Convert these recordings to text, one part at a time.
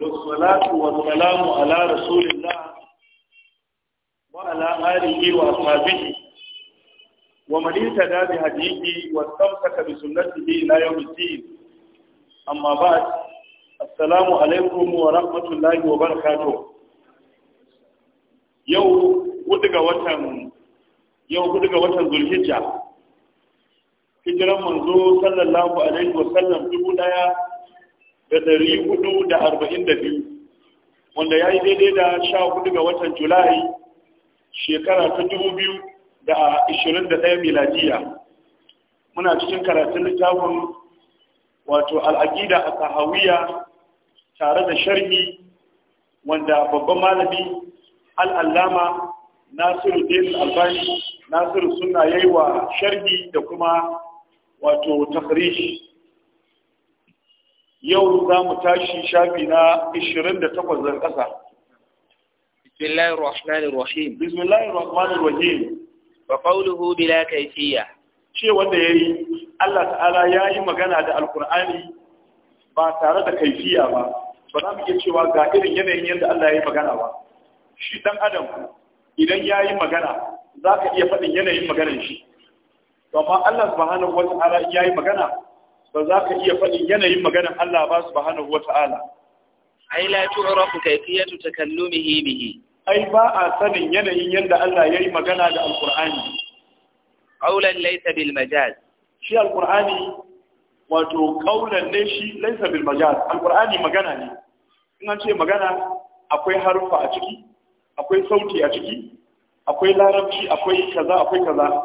والصلاة والسلام على رسول الله وعلى آله وأصحابه ومن اهتدى بهديه واستمسك بسنته إلى يوم الدين أما بعد السلام عليكم ورحمة الله وبركاته يوم ودق وطن يوم ودق وطن ذو الهجرة hijiran manzo sallallahu alaihi wa sallam dubu daya da ɗari hudu da arba'in da biyu wanda ya yi daidai da sha hudu ga watan julai shekara ta dubu biyu da ashirin da ɗaya miladiya muna cikin karatun littafin wato al'aƙida a sahawiya tare da sharhi wanda babban malami al'allama nasiru daidai albani nasiru suna yi wa sharhi da kuma wato tafarishi yau za mu tashi shafi na 28 zan kasa Bismillahirrahmanirrahim. rahmanir rahim bismillahir rahim wa qawluhu bila kayfiyya ce wanda ya yi Allah ta'ala ya yi magana da alqur'ani ba tare da kaifiya ba ba za mu iya cewa ga irin yanayin yadda Allah ya yi magana ba shi dan adam idan ya yi magana za ka iya faɗin yanayin maganar shi amma Allah subhanahu wa ta'ala yi magana ba za ka iya faɗin yanayin maganin Allah ba su hana wa ta'ala. Ai, la tu'rafu ta takallumihi bihi. Ai, ba a sanin yanayin yadda Allah ya yi magana da Alƙur'ani. Ƙaulan laisa bil majaz. Shi Alƙur'ani wato ƙaunar ne shi laisa bil majaz. Alƙur'ani magana ne. In an ce magana akwai harufa a ciki, akwai sauti a ciki, akwai larabci, akwai kaza, akwai kaza.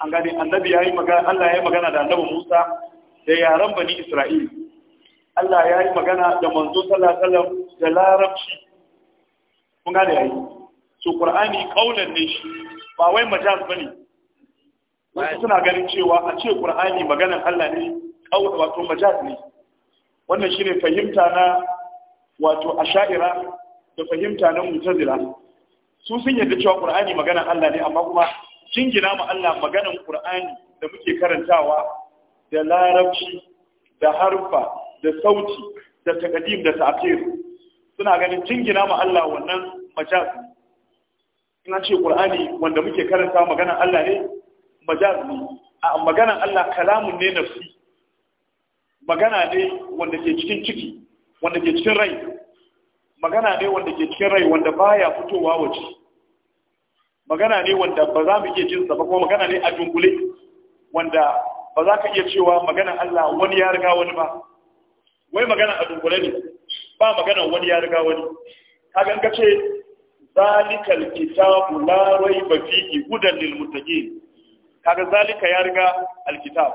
An gani, annabi ya yi magana, Allah ya yi magana da annabi Musa da yaren bani Isra'il. Allah ya yi magana da manzo sallallahu da larabci. Kun gane yi. So Qur'ani ƙaunar ne shi ba wai majaz bane. Wasu suna ganin cewa a ce Qur'ani maganan Allah ne kaula wato majaz ne. Wannan shine fahimta na wato asha'ira da fahimta na mutazila. Su sun yadda cewa Qur'ani maganan Allah ne amma kuma jingina ma Allah maganan Qur'ani da muke karantawa da larabci da harfa da sauti da takadim da ta'khir suna ganin jingina ma Allah wannan majaz ina ce qur'ani wanda muke karanta magana Allah ne majaz ne a magana Allah kalamun ne nafsi magana ne wanda ke cikin ciki wanda ke cikin rai magana ne wanda ke cikin rai wanda baya fitowa waje magana ne wanda ba za mu iya jin sa ba kuma magana ne a dunkule wanda ba za ka iya cewa magana Allah wani ya riga wani ba wai magana a dunkule ne ba magana wani ya riga wani ka gan ka ce zalikal kitabu la raiba fihi hudan lil muttaqin kaga zalika ya riga alkitab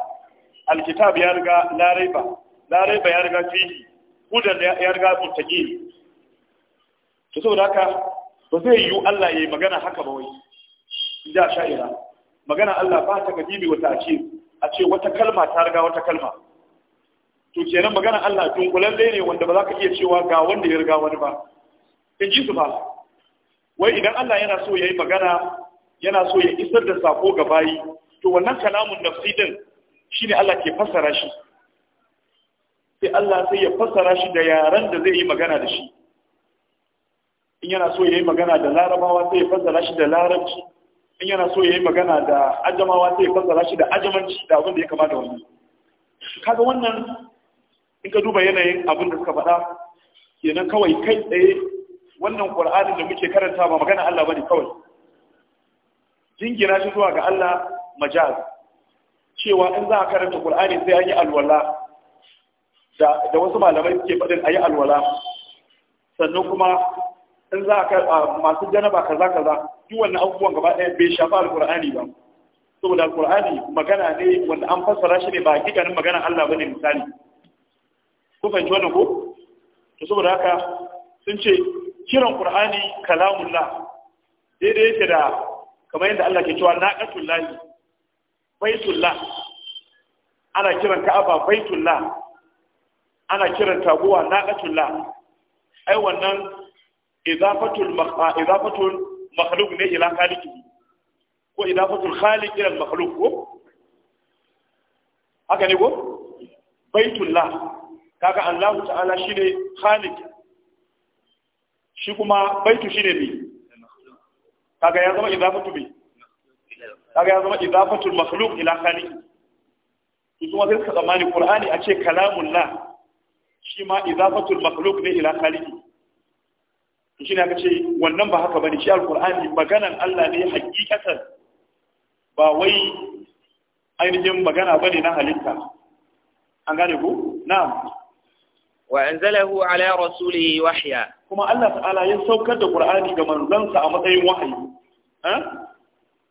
alkitab ya riga la ba, la ba ya riga fihi gudan ya riga muttaqin to saboda haka ba zai yiwu Allah ya yi magana haka ba wai ja sha'ira magana Allah ba ta wata a ce a ce wata kalma ta riga wata kalma to kenan magana Allah dunkulalle ne wanda ba za ka iya cewa ga wanda ya riga wani ba in ji su ba wai idan Allah yana so ya yi magana yana so ya isar da sako ga bayi to wannan kalamun nafsi din shine Allah ke fassara shi sai Allah sai ya fassara shi da yaran da zai yi magana da shi in yana so ya yi magana da larabawa sai ya fassara shi da larabci in yana so ya yi magana da ajamawa sai ya fassara shi da ajamanci da abin da ya kama da wani kaga wannan in ka duba yanayin abin da suka faɗa kenan kawai kai tsaye wannan qur'anin da muke karanta ba magana Allah ba ne kawai jingina shi zuwa ga Allah majaz cewa in za a karanta qur'ani sai an yi alwala da wasu malamai suke faɗin yi alwala sannan kuma in za a masu janaba kaza kaza duk wannan abubuwan gaba ɗaya bai shafa alkur'ani ba saboda alkur'ani magana ne wanda an fassara shi ne ba hakikanin magana Allah bane misali ku fahimci wannan ko to saboda haka sun ce kiran qur'ani kalamullah daidai yake da kamar yadda Allah ke cewa naqatullahi baitullah ana kiran ka'aba baitullah ana kiran taguwa naqatullah ai wannan idafatul ah, idafatul makhluq ne ila khaliqihi ko idafatul khaliq ila makhluq ko haka ne ko baitullah kaga Allah ta'ala shine khaliq shi kuma baitu shine bi kaga ya zama idafatu bi kaga ya zama idafatul makhluq ila khaliq to kuma sai ka zamani qur'ani a ce kalamullah shi ma idafatul makhluq ne ila khaliqi shi ne aka ce wannan ba haka ba ne shi alkur'ani maganan Allah ne hakikatan ba wai ainihin magana ba ne na halitta an gane ku na'am wa anzalahu ala rasulihi wahya kuma Allah ta'ala ya saukar da qur'ani ga manzansa a matsayin wahayi eh?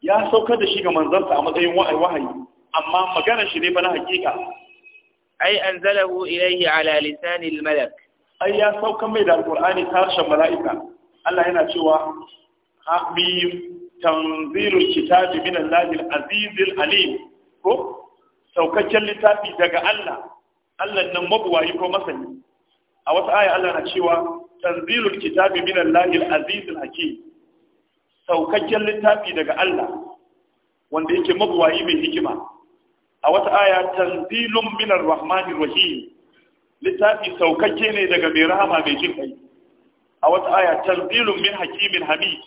ya saukar da shi ga manzansa a matsayin wahayi amma maganar shi ne ba na hakika ai anzalahu ilayhi ala lisanil malak ai ya sauka mai da alqur'ani tashin mala'ika Allah yana cewa hamim tanzilul kitabi min Allahil azizil alim ko saukakken littafi daga Allah Allah nan mabuwayi ko masani a wata aya Allah na cewa tanzilul kitabi min Allahil azizil hakim saukakken littafi daga Allah wanda yake mabuwayi mai hikima a wata aya tanzilun min arrahmanir rahim littafi saukakke ne daga mai rahama mai jin kai a wata aya tanzilun min hakimin hamid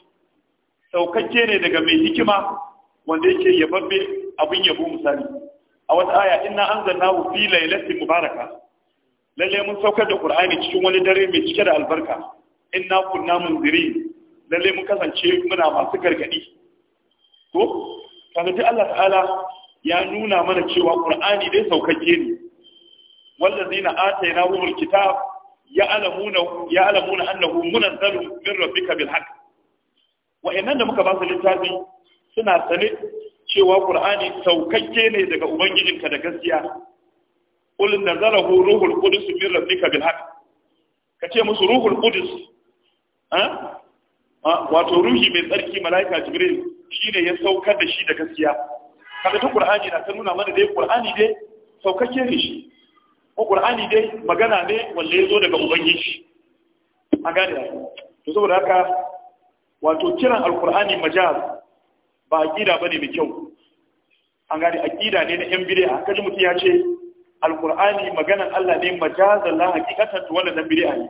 saukakke ne daga mai hikima wanda yake yababbe abin yabo misali a wata aya inna anzalnahu fi laylatin mubaraka lalle mun saukar da qur'ani cikin wani dare mai cike da albarka inna kunna munziri lalle mun kasance muna masu gargadi to kaga Allah ta'ala ya nuna mana cewa qur'ani dai saukakke ne والذين آتيناهم الكتاب يعلمون يعلمون أنه منزل من ربك بالحق وإننا da muka ba littafi suna sane cewa Qur'ani saukakke ne daga ubangijinka da gaskiya qul nazarahu ruhul qudus min rabbika bil haqq kace musu ruhul wato ruhi mai tsarki malaika jibril shine ya saukar da shi da gaskiya kaga ta ƙur'ani na ta nuna mana dai Qur'ani dai saukakke ne shi ko qur'ani dai magana ne wanda ya zo daga ubangiji an gane to saboda haka wato kiran alqur'ani majaz ba aqida bane mai kyau an gane aqida ne na yan bid'a kaji mutum ya ce alqur'ani maganan Allah ne majazan la hakikatan to wannan dan bid'a ne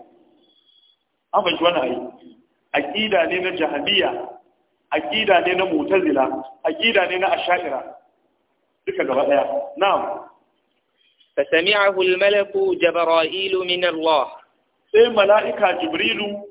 an fahimci wannan ai aqida ne na jahabiyya aqida ne na mu'tazila aqida ne na ash'ira duka gaba daya na'am فسمعه الملك جبرائيل من الله sai mala'ika jibrilu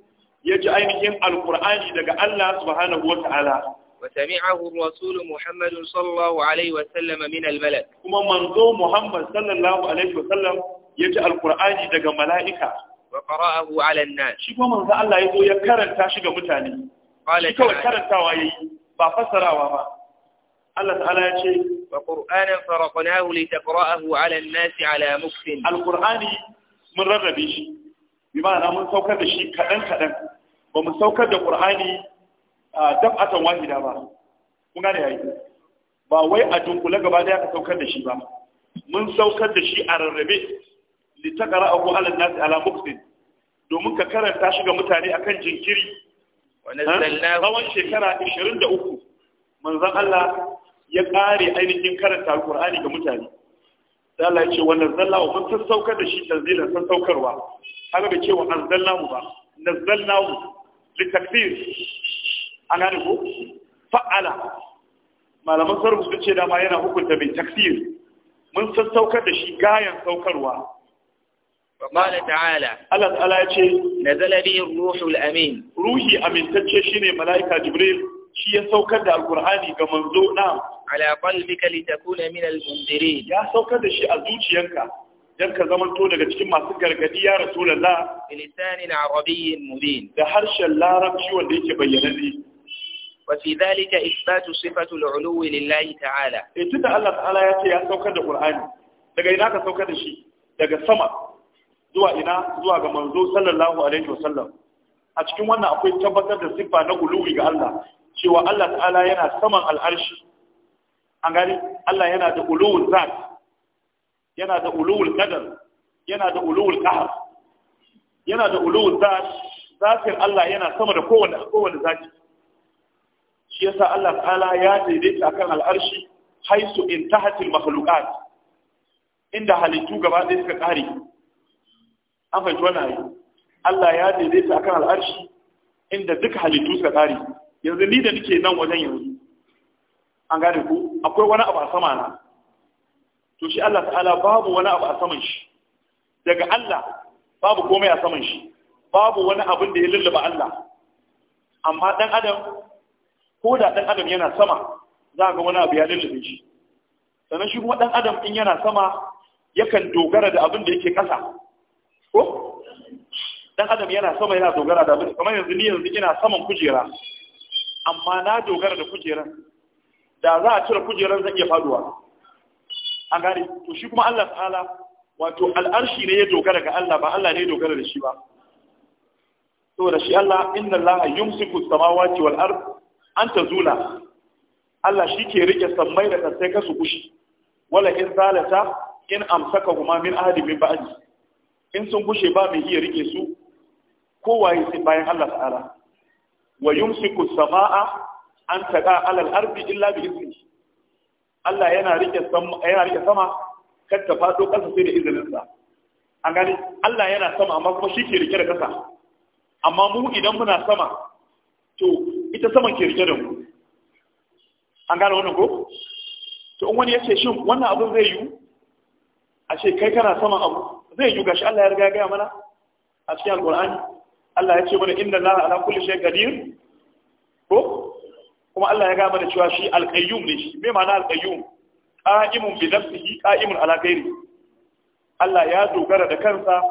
ya ji ainihin alkur'ani daga Allah subhanahu wa ta'ala وسمعه الرسول محمد صلى الله عليه وسلم من الملك كما منذ محمد صلى الله عليه وسلم يجي القرآن دقى ملائكة وقرأه على الناس شو منذ الله يقول يكرن تاشق متاني قال تعالى يكرن تاوي بفسر وما Allah ta'ala ya ce wa qur'anan faraqnahu litaqra'ahu 'ala an-nasi 'ala muktin alqur'ani mun rarrabe shi bi ma'ana mun saukar da shi kadan kadan ba mu saukar da qur'ani dab'atan wahida ba kun gane yayi ba wai a dunkule gaba daya ka saukar da shi ba mun saukar da shi a rarrabe litaqra'ahu 'ala an-nasi 'ala muktin domin ka karanta shi ga mutane akan jinkiri tsawon shekara 23 manzon Allah ya ƙare ainihin karanta Alƙur'ani ga mutane da Allah ya ce wa nazzalnahu mun sassaukar da shi tanzilan sassaukarwa Har da cewa mu ba li takfir ana ne ko fa'ala malaman sarfu sun ce dama yana hukunta mai takfir mun sassaukar da shi gayan saukarwa وقال تعالى الله تعالى يقول نزل به الروح amin. روحي أمين تتشي شيني mala'ika, جبريل shi ya saukar da alkur'ani ga manzo na ala qalbika litakuna min al-mundirin ya saukar da shi a zuciyarka dan ka zamanto daga cikin masu gargadi ya rasulullah bilisanin arabiyyin mubin da harshen larabci wanda yake bayyana ne wa fi dhalika isbatu sifatu al-ulu lillahi ta'ala eh tunda Allah ta'ala ya ce ya saukar da qur'ani daga ina ka saukar da shi daga sama zuwa ina zuwa ga manzo sallallahu alaihi wasallam a cikin wannan akwai tabbatar da siffa na uluwi ga Allah cewa Allah ta'ala yana saman al'arshi an gari, Allah yana da ulul zat yana da ulul qadar yana da ulul qahr yana da ulul zat zatin Allah yana sama da kowanne kowanne zati shi yasa Allah ta'ala ya daidaita akan al'arshi haisu intahatil makhluqat inda halittu gaba ɗaya suka kare an fahimci wannan Allah ya daidaita akan al'arshi inda duka halittu suka kare yanzu ni da nake nan wajen yanzu an gane ku akwai wani abu a sama na to shi Allah ta'ala babu wani abu a saman shi daga Allah babu komai a saman shi babu wani abin da ya lullaba Allah amma dan adam ko da dan adam yana sama za ga wani abu ya lullube shi sannan shi kuma dan adam in yana sama yakan dogara da abin da yake kasa ko dan adam yana sama yana dogara da abin kamar yanzu ni yanzu ina saman kujera amma na dogara da kujeran da za a cire kujeran zan iya faduwa A gane to shi kuma Allah ta'ala wato al'arshi ne ya dogara ga Allah ba Allah ne ya dogara da shi ba saboda shi Allah inna Allah yumsiku samawati wal ard an tazula Allah shi ke rike sammai da kasai kasu kushi. wala in zalata in amsaka huma min ahadi min ba'di in sun gushe ba mai iya rike su kowaye sai bayan Allah ta'ala wa yumsiku samaa an taqa alal ardi illa bi iznihi Allah yana rike sama yana rike sama kar ta fado kasa sai da izinin sa an gani Allah yana sama amma kuma shi ke rike da kasa amma mu idan muna sama to ita sama ke rike da mu an gane wannan ko to in wani yace shin wannan abu zai yi a ce kai kana saman abu zai yi gashi Allah ya riga ya gaya mana a cikin alqur'ani Allah ya ce mana inda Allah ala kulli shay qadir ko kuma Allah ya gama da cewa shi al ne shi me ma'ana al-qayyum qa'imun bi nafsihi qa'imun ala ghairi Allah ya dogara da kansa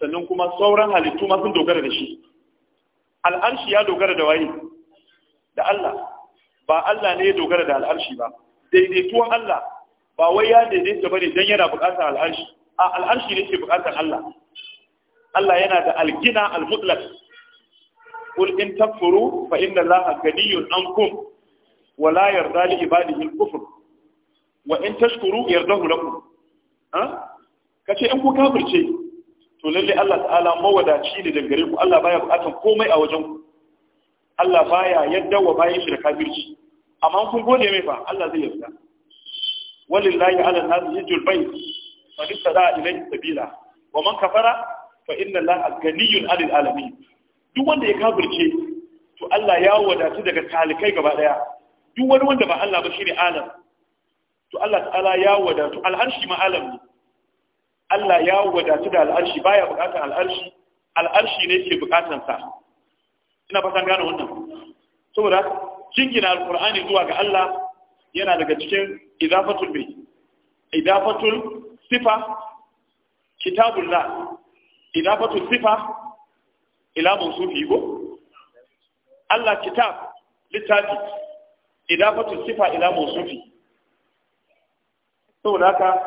sannan kuma sauran halittu ma sun dogara da shi al'arshi ya dogara da waye da Allah ba Allah ne ya dogara da al'arshi ba daidaituwan Allah ba wai ya daidaita bane dan yana buƙatar al'arshi a al'arshi ne ke buƙatar Allah Allah yana da algina almutlaq qul in takfuru fa inna allaha ghaniyun ankum wa la yarda li ibadihi al-kufr wa in tashkuru yardahu lakum ha kace in ku kafirce to lalle Allah ta'ala mawadaci ne dangare ku Allah baya bukatan komai a wajen ku Allah baya yadda wa bayan shi da kafirci amma kun gode mai fa Allah zai yarda walillahi ala an-nas yajul bayt fa da ilayhi sabila wa man kafara fa inna allaha ganiyyun 'anil alamin duk wanda ya kafirce to Allah ya wadatu daga talikai gaba daya duk wani wanda ba Allah ba shine alam to Allah ta'ala ya wadatu al'arshi ma alam ne Allah ya wadatu da al'arshi baya bukatar al'arshi al'arshi ne ke bukatar sa ina fatan gane wannan saboda jingina alqur'ani zuwa ga Allah yana daga cikin idafatul bi idafatul sifa kitabullah idafatu sifa ila mawsufi go Allah kitab littafi idafatu sifa ila mawsufi saboda haka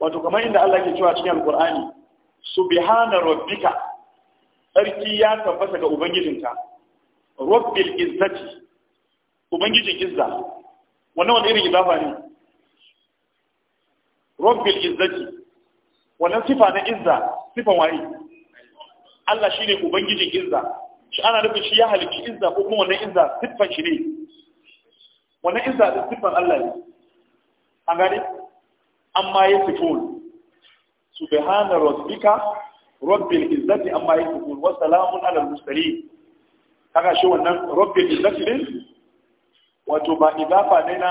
wato kamar inda Allah ke cewa cikin alqur'ani subhana rabbika sarki ya tabbata ga ubangijinka rabbil izzati ubangijin izza wannan wani irin idafa ne rabbil izzati wannan sifa na izza sifan waye Allah shi ne ubangijin izza shi ana nufin shi ya halicci izza ko kuma wannan izza siffan shi ne wannan izza da siffan Allah ne an gani amma ya sifon subhana rabbika rabbil izzati amma ya sifon wa salamun alal mursalin kaga shi wannan rabbil izzati ne wato ba idafa ne na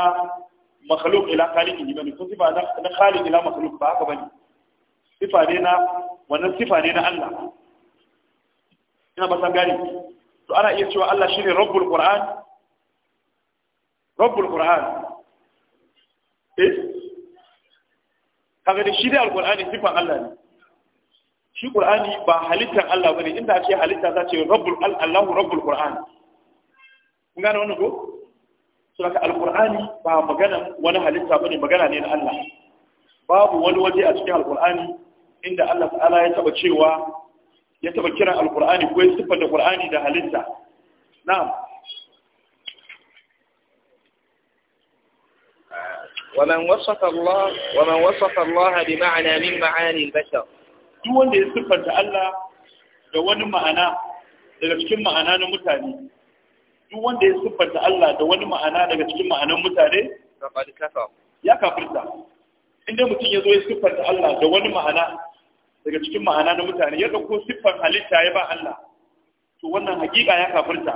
makhluk ila khaliqi bane kun sifa na khaliq ila makhluk ba haka bane sifa ne na wannan sifa ne na Allah ina ba san gani to ana iya cewa Allah shine rabbul qur'an rabbul qur'an eh kaga shi da alqur'ani sifan Allah ne shi qur'ani ba halittar Allah bane inda ce halitta za ce rabbul Allahu rabbul qur'an kun gane wannan ko so haka alqur'ani ba magana wani halitta bane magana ne na Allah babu wani waje a cikin alqur'ani inda Allah ta'ala ya taba cewa ya taba kiran alqur'ani ko ya da qur'ani da halitta na'am ومن وصف الله ومن وصف الله بمعنى من معاني البشر duk wanda ya siffanta Allah da wani ma'ana daga cikin ma'ana na mutane duk wanda ya siffanta Allah da wani ma'ana daga cikin ma'anan mutane ya kafirta inda mutum ya zo ya siffanta Allah da wani ma'ana daga cikin ma'ana na mutane ya ɗauko siffar halitta ya ba Allah to wannan hakika ya kafirta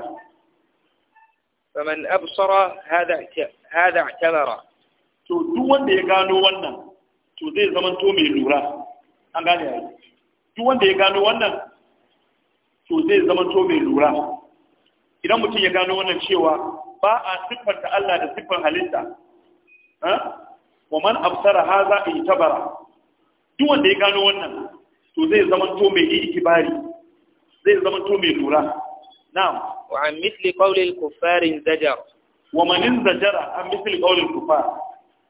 man absara hada hada i'tabara to duk wanda ya gano wannan to zai zama to mai lura an gane ai duk wanda ya gano wannan to zai zama to mai lura idan mutum ya gano wannan cewa ba a siffanta Allah da siffar halitta eh? wa man absara haza i'tabara duk wanda ya gano wannan to zai zama to mai ikibari zai zama to mai lura na'am wa an misli qawlil kuffarin zajar wa manin zajara an misli qawlil kuffar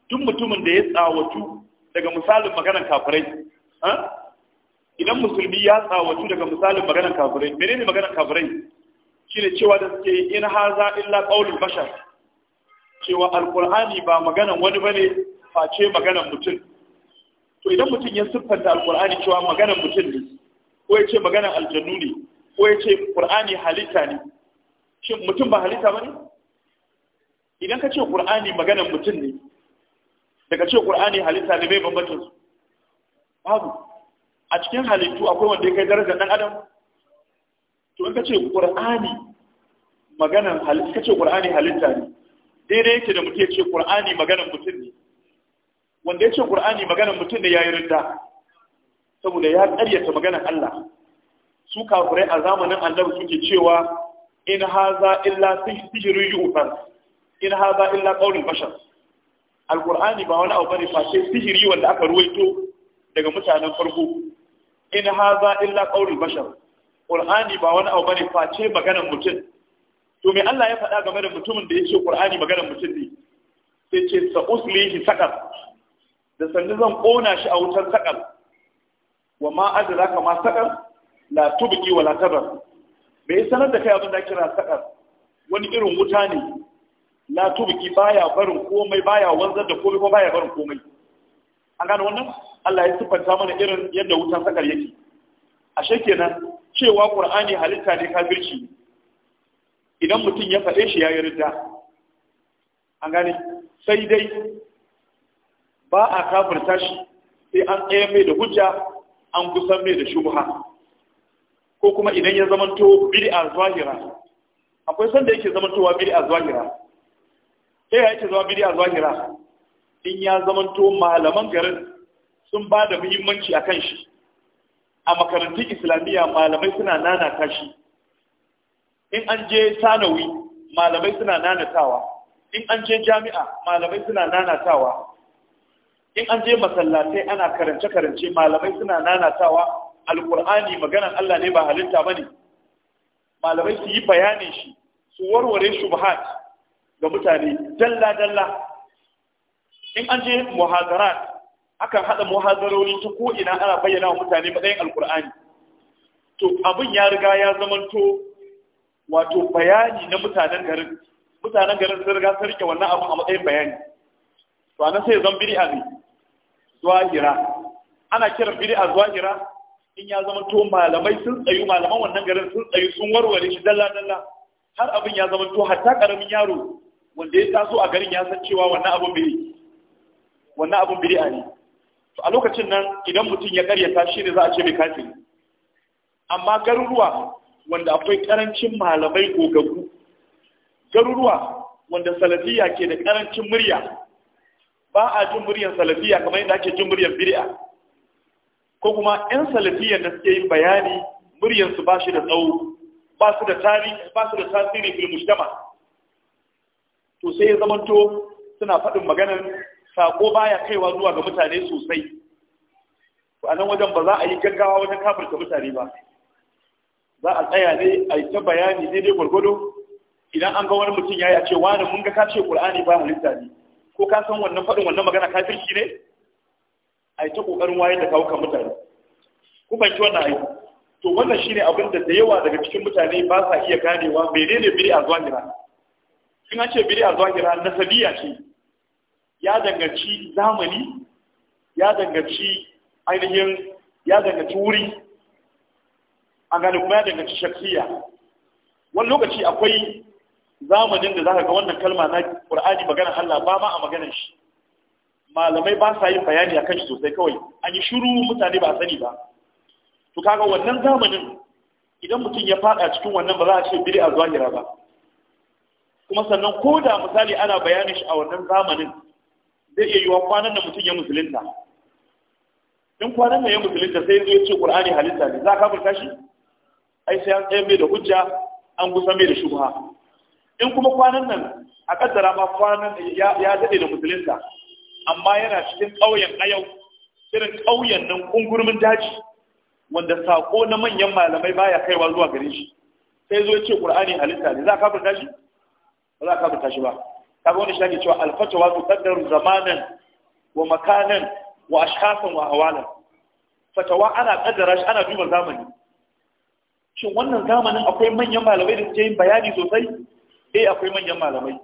duk mutumin da ya tsawatu daga misalin maganar kafirai idan musulmi ya tsawatu daga misalin maganar kafirai menene maganar kafirai shine cewa da suke in haza illa qaulul bashar cewa alqur'ani ba maganar wani bane face maganar mutum to idan mutum ya siffanta alkur'ani cewa maganar mutum ne ko ya ce maganar aljannu ne ko ya ce ƙur'ani halitta ne shin mutum ba halitta ba ne? idan ka ce ƙur'ani maganar mutum ne daga ce ƙur'ani halitta ne mai bambancin su babu a cikin halittu akwai wanda ya kai darajar dan adam to in ka ce ƙur'ani maganar halitta ne daidai yake da mutum ya ce ƙur'ani maganar mutum ne wanda ya ce ƙur'ani maganar mutum da yi rinda saboda ya ƙaryata maganar Allah su kafirai a zamanin annabi suke cewa in haza illa sihiri yu'tar in haza illa ƙaunin bashar Alƙur'ani ba wani abu bane face sihiri wanda aka ruwaito daga mutanen farko in haza illa ƙaunin bashar Ƙur'ani ba wani abu bane face maganar mutum to me Allah ya faɗa game da mutumin da ya ce ƙur'ani maganar mutum ne sai ce sa uslihi sakat da sanda zan kona shi a wutar saƙar. wa ma ka ma saƙar? la tubqi wala tabar bai sanar da kai abin da kira saƙar. wani irin wuta ne la tubqi baya barin komai baya wanzar da komai ko baya barin komai an gane wannan Allah ya siffanta mana irin yadda wutar saƙar yake ashe kenan cewa qur'ani halitta ne kafirci idan mutum ya faɗe shi ya yi ridda an gane sai dai ba a kafirta shi sai an tsaye mai da hujja an kusan mai da shubha ko kuma idan ya zamanto a zahira akwai sanda yake zamantowa a zahira sai ya yake zama biri a zahira in ya zamanto malaman garin sun ba da muhimmanci a kan shi a makarantun islamiyya malamai suna nanata shi in an je sanawi malamai suna nanatawa in an je jami'a malamai suna nanatawa in an je masallatai ana karance-karance malamai suna nanatawa alkur'ani maganan Allah ne ba halitta ba ne malamai su yi bayanin shi su warware shubhat ga mutane dalla-dalla in an je muhazarat akan haɗa muhazarori ta ko'ina ana bayyana wa mutane matsayin alkur'ani to abin ya riga ya zamanto wato bayani na mutanen garin mutanen garin sun riga sun rike wannan abin a matsayin bayani to anan sai zan biri a ne zuwa ana kiran bid'a gira in ya zama to malamai sun tsayu malaman wannan garin sun tsayu sun warware shi dalla dalla har abin ya zama to hatta karamin yaro wanda ya taso a garin ya san cewa wannan abun biri wannan abun bid'a ne to a lokacin nan idan mutum ya karyata shi ne za a ce mai kafiri amma garuruwa wanda akwai karancin malamai gogaggu garuruwa wanda salafiya ke da karancin murya ba a jin muryar salafiya kamar yadda ake jin muryar bid'a ko kuma yan salafiya da suke yin bayani muryar su ba shi da tsawo ba su da tarihi ba su da tasiri fil mujtama to sai ya zamanto suna faɗin maganar sako baya kaiwa zuwa ga mutane sosai to anan wajen ba za a yi gaggawa wajen kafirta mutane ba za a tsaya ne a yi ta bayani daidai gwargwado idan an ga wani mutum ya yace, a ce wani mun ga ka ce qur'ani ba mu littafi ko ka san wannan faɗin wannan magana kafirci ne a yi ta ƙoƙarin wayar da kawo kan mutane ku fahimci wannan aiki to wannan shine abin da da yawa daga cikin mutane ba sa iya ganewa menene biri a zuwa in an ce biri a zuwa na nasabiya ce ya danganci zamani ya danganci ainihin ya danganci wuri a gane kuma ya danganci shaksiya wani lokaci akwai zamanin da za ka ga wannan kalma na Qur'ani maganar Allah ba ma a maganar shi malamai ba sa yin bayani akan shi sosai kawai an yi shiru mutane ba sani ba to kaga wannan zamanin idan mutum ya fada cikin wannan ba za a ce a zahira ba kuma sannan ko da misali ana bayanin shi a wannan zamanin zai iya yiwa kwanan da mutum ya musulunta in kwanan da ya musulunta sai zai ce qur'ani halitta ne za ka furta shi ai sai an tsaye mai da hujja an gusa mai da shubha in kuma kwanan nan a kaddara ma kwanan ya daɗe da musulunta amma yana cikin ƙauyen ayau irin ƙauyen nan kungurmin daji wanda sako na manyan malamai baya kaiwa zuwa gare shi sai zo ce qur'ani halitta ne za ka furta shi ba za ka furta shi ba ga wani shi cewa alfata wa tuqaddaru zamanan wa makanan wa ashkhasan wa awalan fatawa ana kaddara shi ana duba zamani shin wannan zamanin akwai manyan malamai da suke yin bayani sosai eh akwai manyan malamai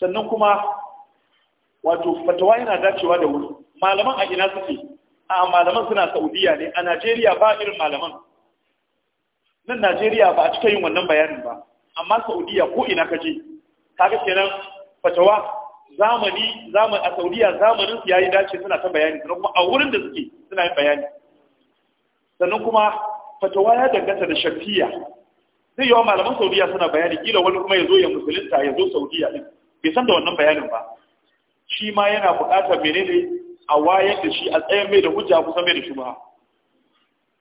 sannan kuma wato fatawa yana dacewa da wuri malaman a ina suke a malaman suna saudiya ne a najeriya ba irin malaman nan najeriya ba a cika yin wannan bayanin ba amma saudiya ko ina ka je kaga kenan fatawa zamani zamani a saudiya zamanin su yayi dace suna ta bayani sannan kuma a wurin da suke suna yin bayani sannan kuma fatawa ya danganta da shafiya zai yawan malaman saudiya suna bayani kila wani kuma ya zo ya musulunta ya zo saudiya din bai san da wannan bayanin ba shi ma yana buƙatar menene a wayar da shi a tsayar mai da hujja kusa mai da shubha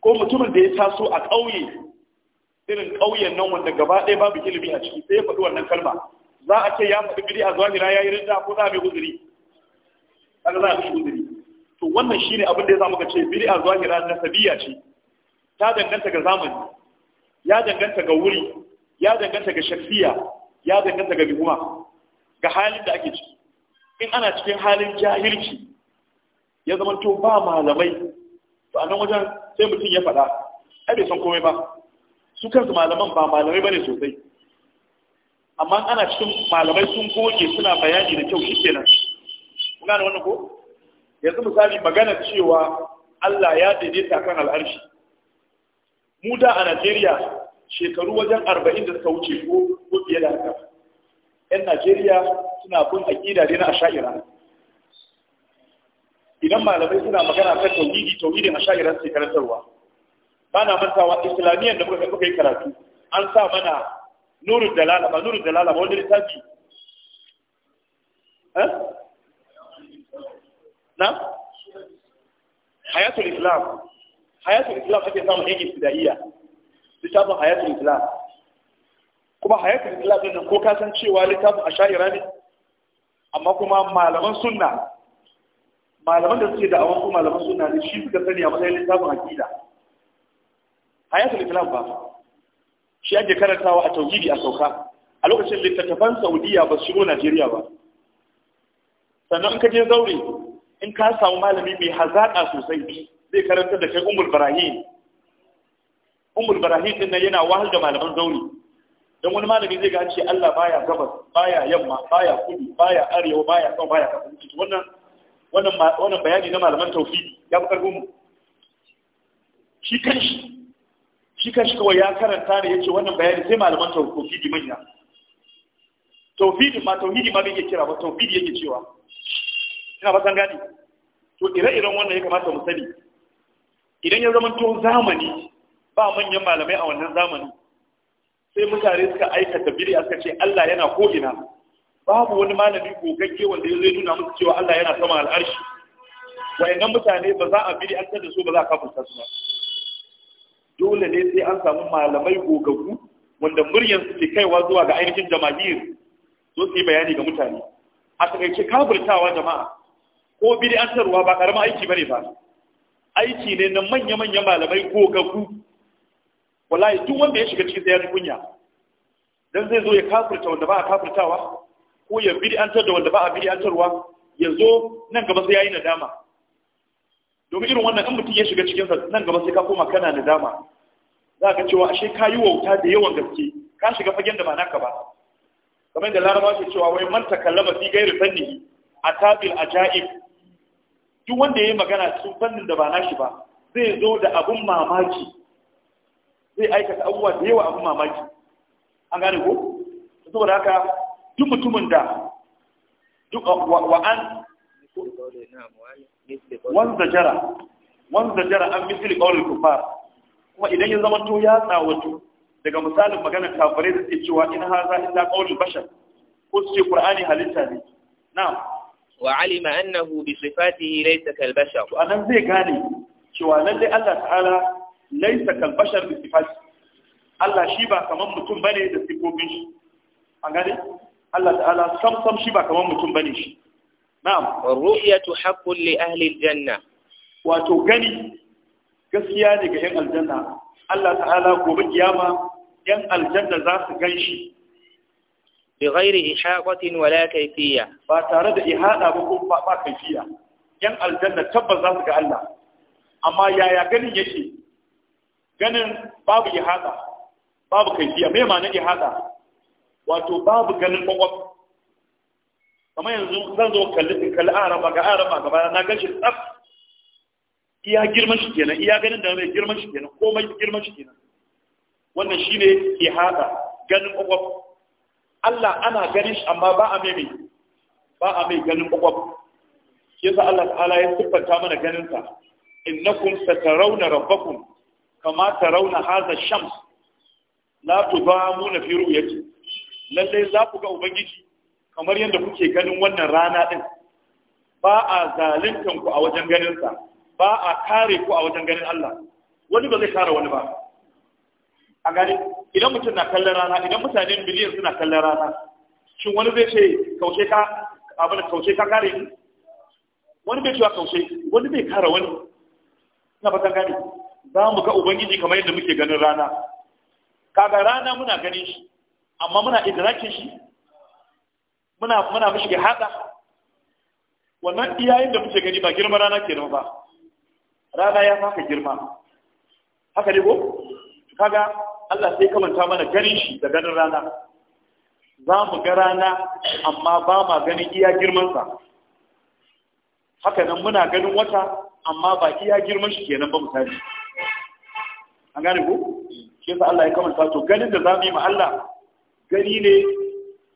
ko mutumin da ya taso a ƙauye irin ƙauyen nan wanda gaba ɗaya babu ilimi a ciki sai ya faɗi wannan kalma za a ce ya faɗi biri a zahira ya yi rinda ko za a mai uzuri kaga za a mai uzuri to wannan shine abin da ya samu ka ce biri a zahira sabiya ce ta danganta ga zamani ya danganta ga wuri ya danganta ga shafiya ya danganta ga bihuwa, ga halin da ake ciki in ana cikin halin jahilci ya zama to ba malamai to a nan wajen sai mutum ya faɗa ai bai san komai ba su kansu malaman ba malamai bane sosai amma ana cikin malamai sun goge suna bayani da kyau shikenan kuma da wannan ko yanzu misali magana cewa Allah ya daidaita kan al'arshi mu da a Najeriya shekaru wajen arba'in da suka wuce ko ko fiye da haka yan Najeriya suna bin aƙida ne na asha'ira idan malamai suna magana kan tauhidi tauhidin asha'ira sai karantarwa ba na mantawa islamiyyar da muka kai karatu an sa mana nurul dalala ba nurul dalala ba wani littafi eh? na hayatul islam hayatul islam ake samun yan ibtidaiya littafin hayatul islam kuma hayatul islam din nan ko ka san cewa littafin asha'ira ne amma kuma malaman sunna malaman da suke da'awan su malaman sunna ne shi suka sani a matsayin littafin aqida hayatul islam ba shi ake karantawa a tauhidi a sauka a lokacin littattafan saudiya ba su shigo najeriya ba sannan in ka je zaure in ka samu malami mai hazaƙa sosai zai karanta da kai umul barahim umul barahim din nan yana wahal da malaman zauri dan wani malami zai ga ce Allah baya gabas baya yamma baya kudu baya arewa baya kan baya kan wannan wannan wannan bayani na malaman tauhidi ya fi karfin mu shi kanshi shi kanshi kawai ya karanta ne yace wannan bayani sai malaman tauhidi manya tauhidi ma tauhidi ma bai kira ba tauhidi yake cewa ina ba san gani to ire-iren wannan ya kamata mu sani idan ya zama to zamani ba manyan malamai a wannan zamani sai mutane suka aikata biri suka ce Allah yana ko'ina babu wani malami gogagge wanda ya zai nuna musu cewa Allah yana sama al'arshi wayannan mutane ba za a biri an da su ba za a kafurta su ba dole ne sai an samu malamai gogaggu wanda muryan su ke kaiwa zuwa ga ainihin jama'ir so su yi bayani ga mutane a takaice kaburtawa jama'a ko biri an ba karamin aiki bane ba aiki ne na manya-manya malamai ko gagu wallahi duk wanda ya shiga cikin sai ya ji kunya don zai zo ya kafirta wanda ba a kafirtawa ko ya bid'antar da wanda ba a bid'antarwa ya zo nan gaba sai yayi nadama domin irin wannan in mutum ya shiga cikin sa nan gaba sai ka koma kana nadama za ka cewa ashe ka yi wauta da yawan gaske ka shiga fagen da ba naka ba kamar da larabawa ke cewa wai man takallama fi gairi fannihi atabil ajaib duk wanda ya yi magana cikin fannin da ba na shi ba zai zo da abun mamaki zai aikata abubuwa da yawa abun mamaki an gane ko saboda haka duk mutumin da duk wa'an wanda jara wanda jara an misali kawar kufar kuma idan ya zama to ya tsawatu daga misalin maganar kafare da ke cewa in haza ita kawar bashar ko su ce qur'ani halitta ne na'am wa alima annahu bi sifatihi laysa kal anan zai gane cewa lalle Allah ta'ala laysa kal bashar bi sifati Allah shi ba kaman mutum bane da sifofin shi an gane Allah ta'ala sam sam shi ba kaman mutum bane shi na'am ru'yatu haqqun li ahli al-janna wato gani gaskiya ne ga 'yan aljanna Allah gobe kiyama 'yan aljanna za su gan shi bi ghairi ihaqatin wala kayfiyya ba tare da ihada ba ko ba kayfiyya yan aljanna tabbas za su ga Allah amma yaya ganin yake ganin babu ihada babu kayfiyya me ma na ihada wato babu ganin kwakwaf kamar yanzu zan zo kalli in kalli araba ga araba gaba na gan shi tsaf iya girman shi kenan iya ganin da mai girman shi kenan komai girman shi kenan wannan shine ihada ganin kwakwaf Allah ana gani shi amma ba a mai ba a mai ganin kwakwab shi yasa Allah ta'ala ya siffanta mana ganin sa innakum satarawna rabbakum kama tarawna hadha shams la tudamuna fi ru'yati lalle za ku ga ubangiji kamar yadda kuke ganin wannan rana din ba a zalintan ku a wajen ganin sa ba a kare ku a wajen ganin Allah wani ba zai kare wani ba a gani idan mutum na kallon rana idan mutane miliyan suna kallon rana shin wani zai ce kaushe ka abin kaushe ka kare ni wani bai cewa kaushe wani bai kare wani na fatan gani za mu ga ubangiji kamar yadda muke ganin rana kaga rana muna ganin shi amma muna idrakin shi muna muna mishi ga hada wannan iyayen da muke gani ba girma rana kenan ba rana ya faka girma haka ne ko kaga Allah sai kamanta mana ganin shi da ganin rana za mu ga rana amma ba ma ganin iya girmansa haka nan muna ganin wata amma ba iya girman shi kenan ba misali an gane ku? shi yasa Allah ya kamanta to ganin da za mu yi ma Allah gani ne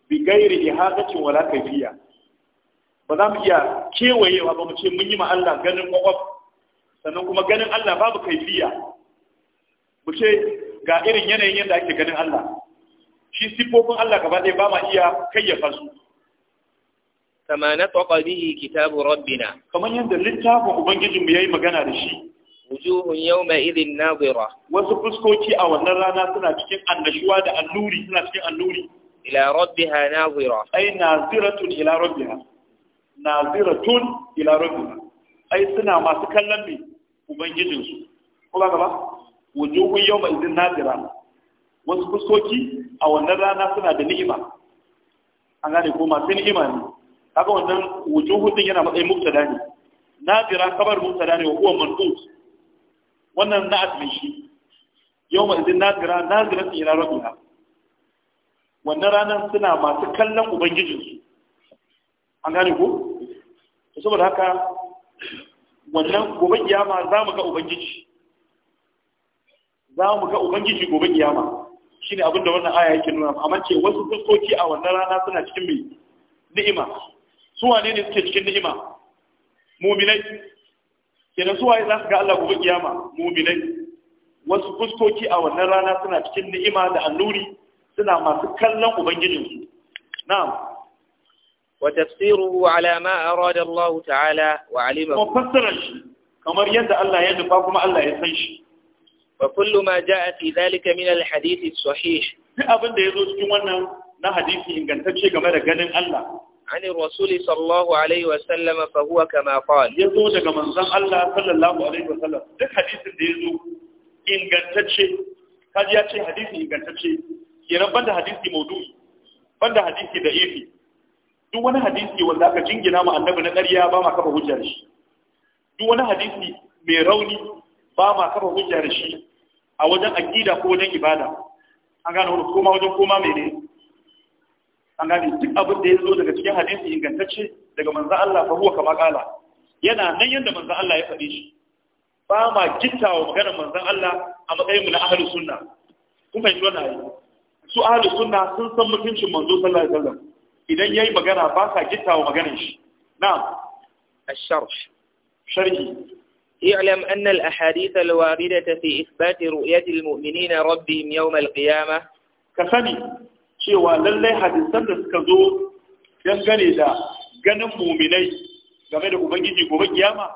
bi gairi ihadatin wala kaifiya ba za mu iya kewayewa ba mu ce mun yi ma Allah ganin kwakwaf sannan kuma ganin Allah babu kaifiya mu ce ga irin yanayin yadda ake ganin Allah shi siffofin Allah gaba ɗaya ba ma iya kayyafa su kama na tsaka bihi kitabu rabbina kamar yadda littafin ubangijin mu yayi magana da shi wujuhun yawma idhin nadira wasu fuskoki a wannan rana suna cikin annashuwa da annuri suna cikin annuri ila rabbiha nadira ay naziratun ila rabbiha naziratun ila rabbiha ai suna masu kallon ne ubangijinsu ko ba ba wujuhun yau mai zin nazira wasu fuskoki a wannan rana suna da ni'ima an gane ko masu ni'ima ne haka wannan wujuhun din yana matsayin mubtada ne nazira kabar mubtada ne wa huwa manqus wannan na asli shi yau mai zin nazira nazira su ila rabbiha wannan rana suna masu kallon ubangijinsu an gane ko saboda haka wannan gobe kiyama za mu ga ubangiji za mu ga ubangiji gobe kiyama shine abin da wannan aya yake nuna amma ce wasu fuskoki a wannan rana suna cikin mai ni'ima su wane ne suke cikin ni'ima mu'minai kenan su waye za su ga Allah gobe kiyama mu'minai wasu fuskoki a wannan rana suna cikin ni'ima da annuri suna masu kallon ubangijinsu na'am Wa ta'ala wa ما أراد الله shi kamar yadda Allah ya nufa kuma Allah ya san shi. wa kullu ma ja'a fi dhalika min al-hadith as-sahih abin da yazo cikin wannan na hadisi ingantacce game da ganin Allah عن الرسول صلى الله عليه وسلم فهو كما قال يزو daga manzon Allah sallallahu alaihi wasallam duk hadisin da yazo ingantacce kaji ya ce hadisi ingantacce Kiran banda hadisi maudu'i banda hadisi da ifi duk wani hadisi wanda aka jingina mu annabi na ƙarya ba ma kafa hujjar shi duk wani hadisi mai rauni ba ma kafa hujjar shi a wajen aƙida ko wajen ibada an gane wani koma wajen koma mai ne an gane duk abin da ya zo daga cikin hadisi ingantacce daga manzan Allah fa huwa kama kala yana nan yadda manzan Allah ya faɗi shi ba ma gittawa maganar manzan Allah a matsayin mu na ahlus sunna kun fahimci wannan ayi su ahlus sunna sun san mutuncin manzo sallallahu alaihi wasallam idan yayi magana ba sa gittawa maganar shi na'am الشرح sharhi. اعلم أن الأحاديث الواردة في إثبات رؤية المؤمنين ربهم يوم القيامة كسني lallai للي حديثا تسكزو ينقل إذا ganin muminai game da Ubangiji gobe kiyama?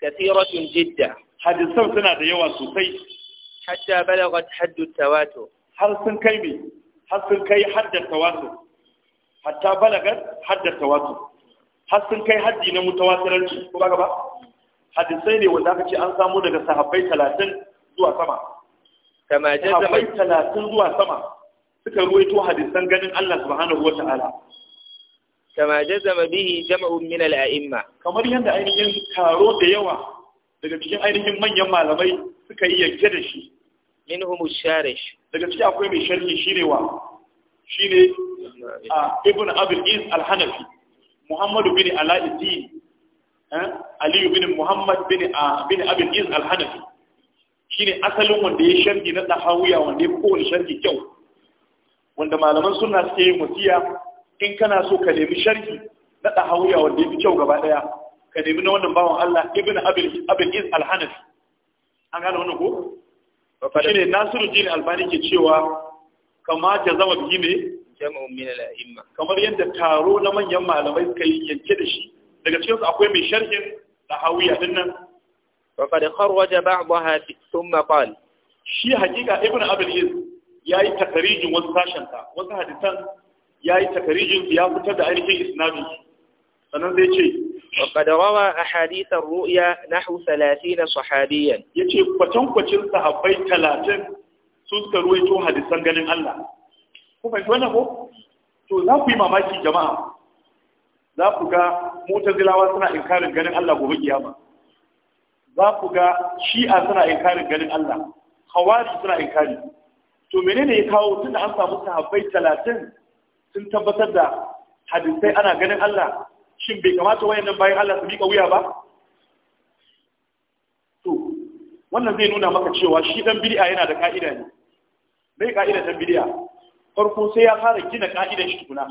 Kasiratun jidda. Hadisan suna da yawa sosai. Hatta balagat haddu tawato. Har sun kai me? Har sun kai haddar tawato. Hatta balagat haddar tawato. Har sun kai ko ba ba? hadisai ne wanda aka ce an samu daga sahabbai talatin zuwa sama kama jazama sahabbai talatin zuwa sama suka ruwaito hadisan ganin Allah subhanahu wa ta'ala kama jazama bihi jama'un min al kamar yadda ainihin taro da yawa daga cikin ainihin manyan malamai suka yi yanke da shi minhum sharish daga ciki akwai mai sharhi shine wa shine ibn abul is al-hanafi muhammadu bin ala'iddin Eh? aliyu bin muhammad bin ah, Abi iz al-Hanafi shine asalin wanda ya sharhi na ɗahawiya wanda ya kowane sharhi kyau wanda malaman suna suke yin wasiya in kana so ka nemi sharhi na ɗahawiya wanda ya fi kyau gaba daya ka nemi na wannan bawan allah ibn abin iz al-Hanafi an gane wannan ko shine Nasiruddin nasiru albani ke cewa kama ta zama bihi ne jama'u min al-a'imma kamar yadda taro na manyan malamai suka yi yanke da shi daga cikinsu akwai mai sharhin sahawiya din nan وقد خرج بعضها ثم قال shi hakika ibn abul yayi takarijin wasu sashanta wasu hadisan yayi takarijin ya fitar da ainihin isnadin sannan zai ce وقد روى أحاديث الرؤيا نحو ثلاثين صحابيا يتي فتن فتن صحابي ثلاثين سوزك رويتو حديثا قال الله كيف يقول To za ku في ماماكي jama'a? za ku ga mutazilawa suna inkarin ganin Allah gobe kiyama za ku ga shi'a suna inkarin ganin Allah hawari suna inkari to menene ya kawo tun da an samu sahabbai talatin sun tabbatar da hadisai ana ganin Allah shin bai kamata wayannan bayan Allah su miƙa wuya ba to wannan zai nuna maka cewa shi dan bid'a yana da ka'ida ne bai ka'ida dan bid'a farko sai ya fara gina ka'idar shi tukuna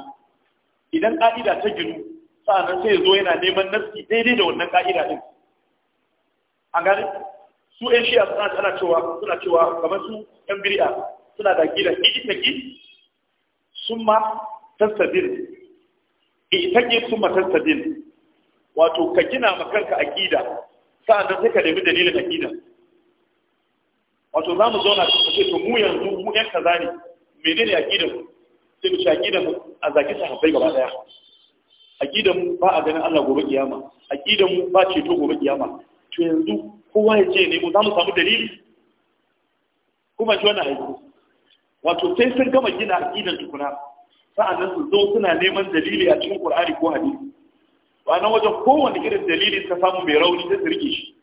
idan ka'ida ta ginu sa'annan sai ya zo yana neman nafsi daidai da wannan ka'ida din a gani su yan shi'a suna tana cewa suna cewa kamar su yan biri'a suna da gida ijtaki ta tastabir sun ma tastabir wato ka gina ma kanka aqida sa'annan sai ka nemi dalilin gida. wato za mu zauna su ce to mu yanzu mu yan kaza ne menene aqidan sai mu ci aqidan a zaki haifai gaba daya aqidan mu ba a ganin Allah gobe kiyama aqidan mu ba ceto gobe kiyama to yanzu kowa ya ce ne mu za mu samu dalili kuma ji wannan aiki wato sai sun gama gina aqidan tukuna sa'annan su zo suna neman dalili a cikin Qur'ani ko hadisi wannan wajen kowanne irin dalili ka samu mai rauni sai su shi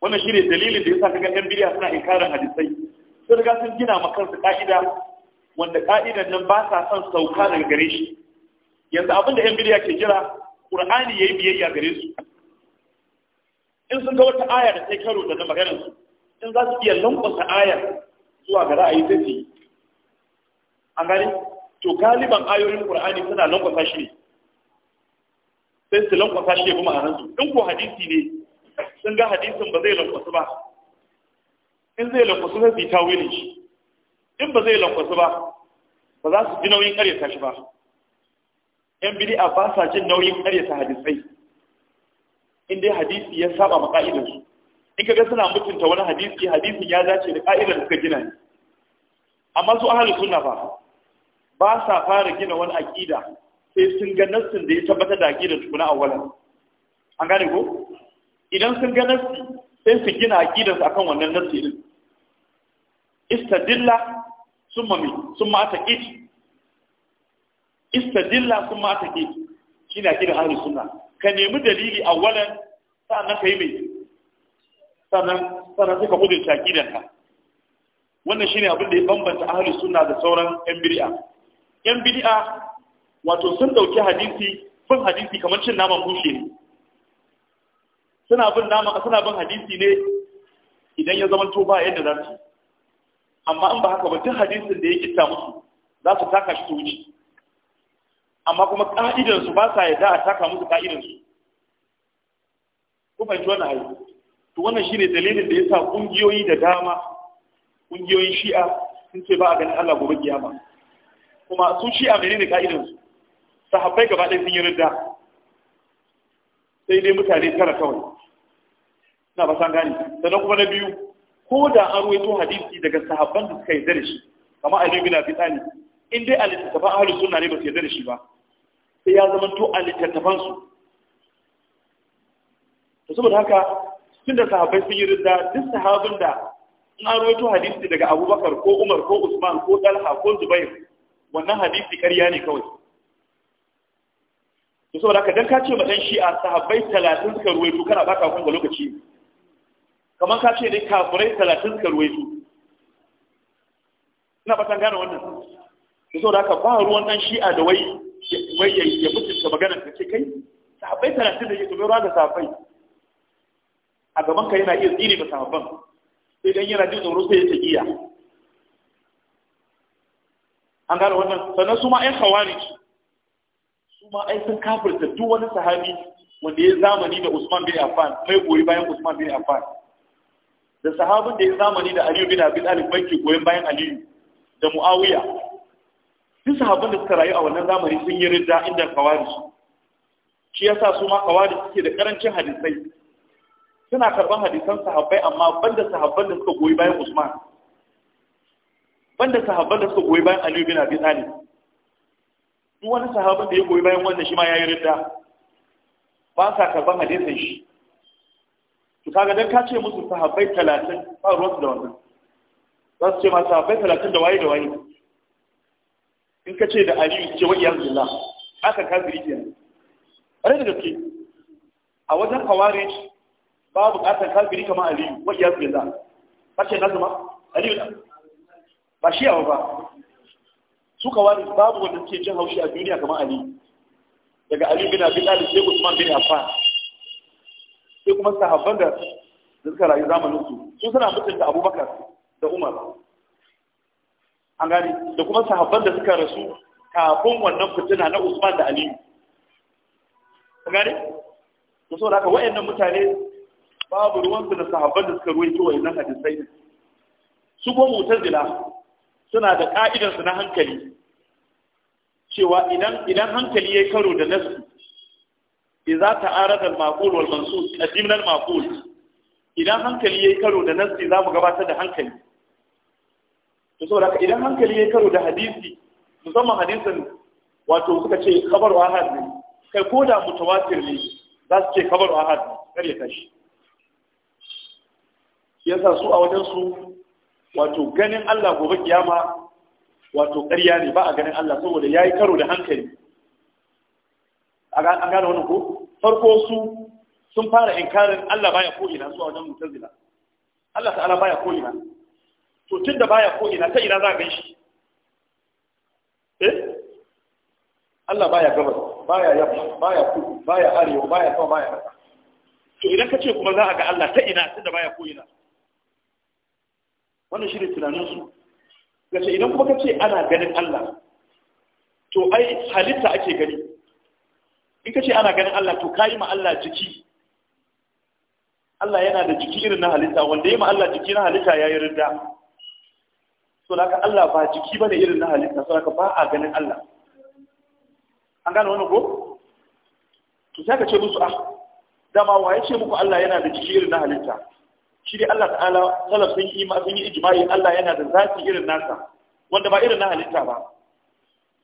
wannan shine dalilin da yasa kaga yan biliya suna inkarin hadisai sun riga sun gina ma kansu ka'ida wanda ka'idan nan ba sa son sauka daga gare shi yanzu abin da yan bidiya ke jira ya yi biyayya gare su in sun ga wata aya da sai karo da na maganarsu, in za su iya lankwasa aya zuwa ga ra'ayi sai su an gani to galiban ayoyin ƙur'ani suna lankwasa shi ne sai su lankwasa shi ya a ma'anarsu in ko hadisi ne sun ga hadisin ba zai lankwasu ba in zai lankwasu sai su yi tawilin shi in ba zai lankwasu ba ba za su ji nauyin karyata shi ba yan biri ba sa jin nauyin karyata hadisai in dai hadisi ya saba ma ka'idar su in kaga suna mutunta wani hadisi hadisin ya dace da ƙa'idar suka gina ne amma su ahlus suna ba ba sa fara gina wani aƙida sai sun ga nassin da ya tabbatar da aƙidar su na awwalan an gane ko idan sun ga nassi sai su gina aƙidar su akan wannan nassi din istadilla summa mi summa taqid istadilla sun mata ke shi na kira ahlus suna. ka nemi dalili a awwalan ka yi mai sannan sannan sai ka kudin shakidan ka wannan ne abin da ya bambanta ahlus suna da sauran yan bid'a yan bid'a wato sun dauki hadisi bin hadisi kamar cin naman bushe ne suna bin suna bin hadisi ne idan ya zama to ba yadda za su amma in ba haka ba duk hadisin da ya kitta musu za su taka shi ta wuce amma kuma ka'idansu ba sa yadda a taka musu ka'idansu ku fahimci wannan ayi to wannan shine dalilin da yasa kungiyoyi da dama kungiyoyin shi'a sun ce ba a ganin Allah gobe kiyama kuma sun shi'a menene ka'idansu sahabbai gaba ɗaya sun yi ridda sai dai mutane tara kawai na ba san gani sannan kuma na biyu ko da an ruwaito hadisi daga sahabban da suka yarda da shi kamar Ali bin Abi in dai a littattafan ahlus sunna ne ba su yarda da shi ba sai ya zama to a littattafansu to saboda haka tun da sahabbai sun yi ridda duk sahabin da in rawaito hadisi daga abubakar ko umar ko usman ko talha ko zubair wannan hadisi ƙarya ne kawai to saboda haka dan ka ce madan shi'a sahabbai 30 suka ruwaito kana baka kun lokaci kamar ka ce dai kafirai 30 suka ruwaito ina fatan gane wannan saboda haka ba ruwan dan shi'a da wai wai ya ya mutunta maganar da ce kai sahabbai talatin da ya domin ruwa da sahabbai a gaban ka yana iya tsiri da sahabban sai dan yana jin tsoro sai ya ta iya an gane wannan sannan su ma ƴan khawarij su ma ai sun kafirta duk wani sahabi wanda ya zamani da Usman bin Affan mai goyi bayan Usman bin Affan da sahabin da ya zamani da Aliyu bin Abi Talib bai goyi bayan Aliyu da Muawiya duk sahabban da suka rayu a wannan zamani sun yi ridda inda su. shi yasa su ma khawarij suke da karancin hadisai suna karban hadisan sahabbai amma banda sahabban da suka goyi bayan Usman banda sahabban da suka goyi bayan Ali bin Abi Talib duk wani sahabban da ya goyi bayan wannan shi ma yayi ridda ba sa karban hadisan shi to kaga dan ka ce musu sahabbai 30 ba ruwan da wannan za su ce ma sahabbai 30 da waye da waye in ka ce da aliyu ce wani yanzu billah aka kafiri A rai da gaske a wajen kawari ba buƙatar kafiri kama aliyu wani yanzu billah ba ce na zama aliyu ba shi yawa ba su kawari babu wanda suke jin haushi a duniya kama aliyu daga aliyu bin abi talib sai usman bin affan sai kuma sahabban da suka rayu zamanin su sun suna mutunta abubakar da umar an gani da kuma sahabban da suka rasu kafin wannan fitina na Usman da Aliyu an gani to saboda haka wayannan mutane babu ruwan su da sahabban da suka ruwaito wayannan hadisai su ko mu'tazila suna da ka'idar su na hankali cewa idan idan hankali yayi karo da nasu idza ta'arada al-maqul wal mansus qaddimna al-maqul idan hankali yayi karo da za mu gabatar da hankali to saboda haka idan hankali ya karo da hadisi musamman hadisin wato suka ce kabar wa hadisi kai ko da mutawatir ne za su ce wa hadisi kar ya tashi yasa su a wajen su wato ganin Allah gobe kiyama wato ƙarya ne ba a ganin Allah saboda yayi karo da hankali an gane wannan ko farko su sun fara inkarin Allah baya ko ina su a wajen mutazila Allah ta'ala baya ko ina to tun da baya ko ina ta ina za a ganshi. shi eh Allah baya gabas baya yamma baya kudu baya arewa baya sama baya ƙasa to idan ka ce kuma za a ga Allah ta ina tun da baya ko ina wannan shi ne tunaninsu gace idan kuma ka ce ana ganin Allah to ai halitta ake gani in ka ce ana ganin Allah to yi ma Allah jiki Allah yana da jiki irin na halitta wanda ya ma Allah jiki na halitta ya yi rinda so da ka Allah ba jiki ba ne irin na halitta so da ka ba a ganin Allah an gane wani ko to sai ka ce musu ah dama wa ya ce muku Allah yana da jiki irin na halitta shi dai Allah ta'ala salaf sun yi sun yi ijma'i Allah yana da zafi irin nasa wanda ba irin na halitta ba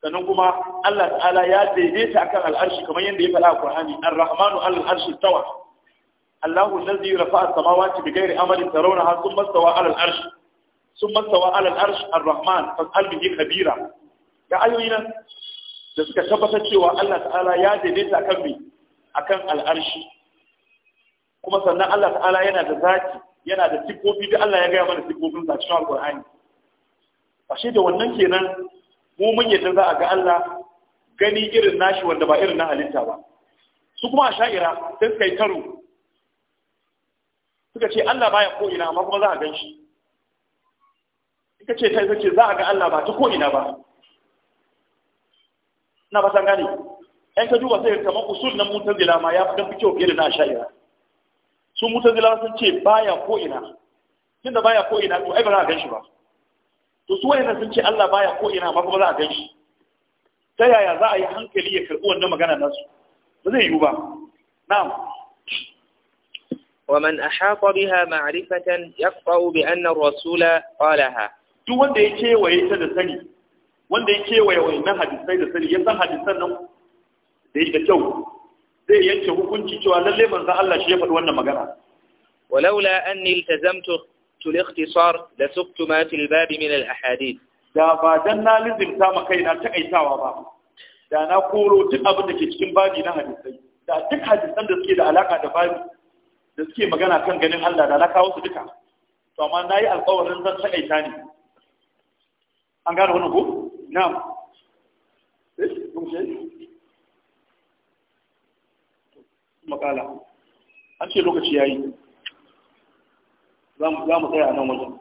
sannan kuma Allah ta'ala ya daidaita akan al'arshi kamar yadda ya faɗa a Qur'ani ar-rahmanu al-arshi tawa Allahu allazi rafa'a as-samawati bighairi amalin tarawnaha thumma istawa 'ala al-arshi sun mastawa alal arsh ar-rahman fas'al bihi kabira ga ayoyi nan da suka tabbatar cewa Allah ta'ala ya daidaita kan bi akan al'arshi kuma sannan Allah ta'ala yana da zaki yana da sifofi da Allah ya gaya mana sifofin sa cikin alqur'ani ashe da wannan kenan mu mun yadda za a ga Allah gani irin nashi wanda ba irin na halitta ba su kuma a sha'ira sai suka yi karo suka ce Allah baya ko ina amma kuma za a gan shi ka ce kai kake za a ga Allah ba ta ko ina ba na ba san gane ɗan ka duba sai kamar usul na mutazila ma ya fi kyau fiye da na sha'ira su mutazila sun ce baya ko ina tunda baya ko ina to ai ba za a ganshi ba to su wayannan sun ce Allah baya ko ina amma ba za a ganshi ta yaya za a yi hankali ya karɓi wannan magana nasu ba zai yiwu ba na'am ومن أحاط بها معرفة يقطع بأن الرسول قالها duk wanda ya kewaye ta da sani wanda ya kewaye wayannan hadisai da sani ya san hadisan nan da yi kyau zai yanke hukunci cewa lalle manzon Allah shi ya faɗi wannan magana walaula anni iltazamtu الاختصار لسقت ما في الباب من الاحاديث da ba dan na lizimta ma kaina takaitawa ba da na koro duk abin da ke cikin babi na hadisai da duk hadisan da suke da alaka da babi da suke magana kan ganin Allah da na kawo su duka to amma nayi alƙawarin zan takaita ne an gane wannan ko na'am eh, makala an ce lokaci yayi za mu tsaya a nan wajen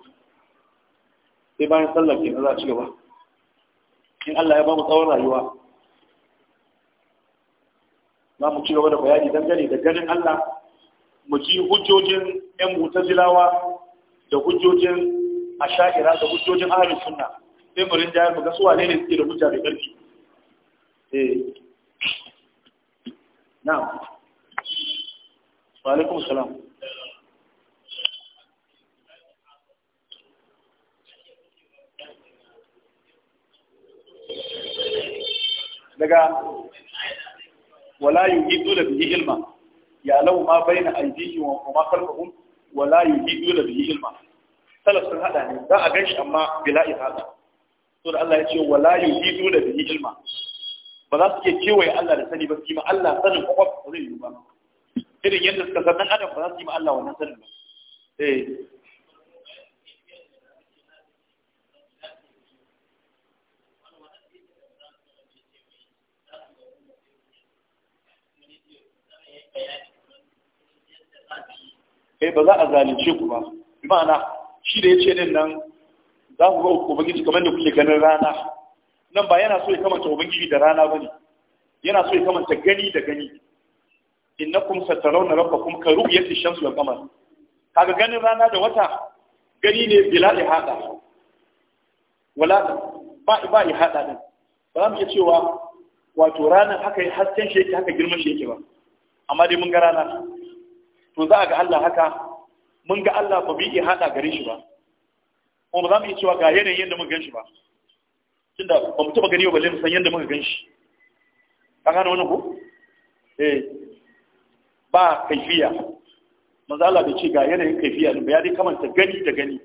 sai bayan sallar ke za a ci gaba in Allah ya ba mu tsawon rayuwa za mu ci gaba da bayani dangane da ganin Allah mu ji hujjojin 'yan mutazilawa da hujjojin asha'ira da hujjojin ahalin sunna sai mu ba mu ga su ne suke da hujja mai ƙarfi eh wa alaikum salam daga wala yuhidu da biyi ilma ya lau ma bai baina aydihim wa kuma khalfahum wala yuhidu da biyi ilma salaf sun hada ne za a ganshi amma bila'i hada sun da Allah ya ce yi yuhidu da yi ilma ba za su ke kewaye Allah da sani ba su yi ma Allah sanin kwakwaf ba zai yi ba irin yadda suka san adam ba za su yi ma Allah wannan sanin ba eh. eh ba za a zalunce ku ba ma'ana shi da ya ce nan za ku ga ubangiji kamar da kuke ganin rana nan ba yana so ya kamanta ubangiji da rana bane yana so ya kamanta gani da gani innakum satarawna rabbakum ka ru'yati shamsi wal kamar. kaga ganin rana da wata gani ne bila haɗa. wala ba ba haɗa din ba mu iya cewa wato ranar haka hasken shi yake haka girman shi yake ba amma dai mun ga rana to za a ga Allah haka mun ga Allah ba bi haɗa gare shi ba kuma za mu yi cewa ga yanayin yadda muka ganshi ba tunda ba mu ba gani ba balle san yadda muka ganshi ka gane wani ku? eh ba kaifiya manzo Allah bai ce ga yanayin kaifiya ne ba ya dai kamanta gani da gani